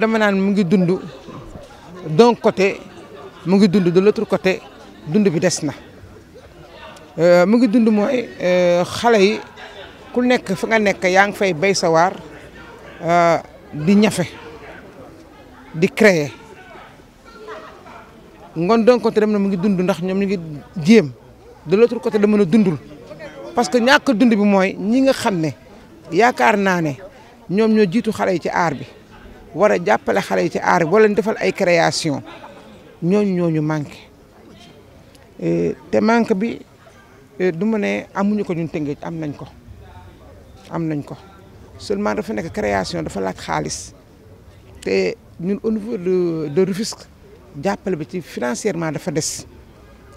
dama nan mu ngi dund don côté mu ngi dund de l'autre côté dund bi des na euh, mu ngi dund euh xalé yi ku nek fa nga nek yaa fay bay sa euh di ñafé di créer ngon don côté dama mu ngi dund ndax ñom ngi diem de l'autre côté dama na dundul parce que ñàkk dund bi moy ñi nga xamné ne yaakaar ñom ñoo jitu xalé ci bi war a jàppale xale yi ci aar bi wala defal ay création ñooñu ñooñu manqué eh, te manque bi eh, du ma ne amuñu ko ñun Tëngéej am nañ ko am nañ ko seulement dafa nekk création dafa laaj xaalis te ñun au niveau de de Rufisque jàppale bi ci financièrement fa des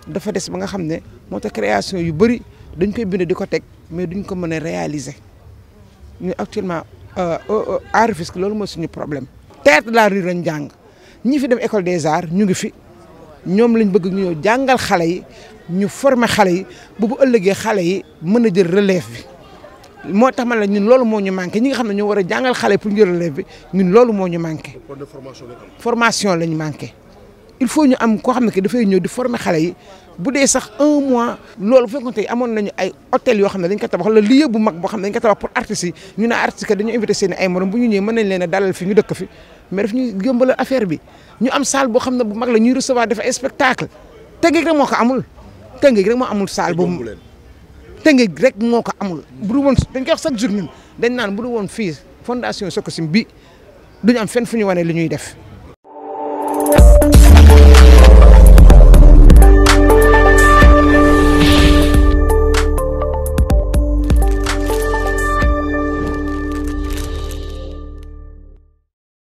dafa des ba nga xam ne moo ta création yu bëri dañ koy bind di ko teg mais duñ ko mën a réaliser ñu actuellement. à euh, euh, euh, Rufisque loolu mooy suñu problème théâtre de la rue lañ jàng ñi fi dem école des arts ñu ngi fi ñoom lañ bëgg ñu ñëw jàngal xale yi ñu former xale yi bu bu ëllëgee xale yi mën na jël relève bi moo tax ma la ñun loolu moo ñu manqué ñi nga xam ne ñoo war a jàngal xale pour ñu relève bi ñun loolu moo ñu manqué. formation lañ manqué. il faut ñu am ko xamné ne que dafay ñëw di former xalé yi bu dee sax 1 mois loolu bu fekkoon amon nañu ay hôtel yo xamné dañ ko tabax la lieu bu mag bo xamné dañ ko tabax pour artiste yi ñu ne artiste ka dañu inviter seen ay morom bu ñu ñëw mën nañ leen dalal fi ñu dëkk fi mais daf ñu gëmbalal affaire bi ñu am salle bo xamné bu mag la ñuy recevoir dafa ay spectacle tëngeeg rek moko ko amul tëngeeg rek mo amul salle boobu tëngeeg rek moko amul bu du woon dañ koy wax chaque jour ñun dañ naan bu du woon fii fondation sokosim bi duñu am fenn fu ñu wane li ñuy def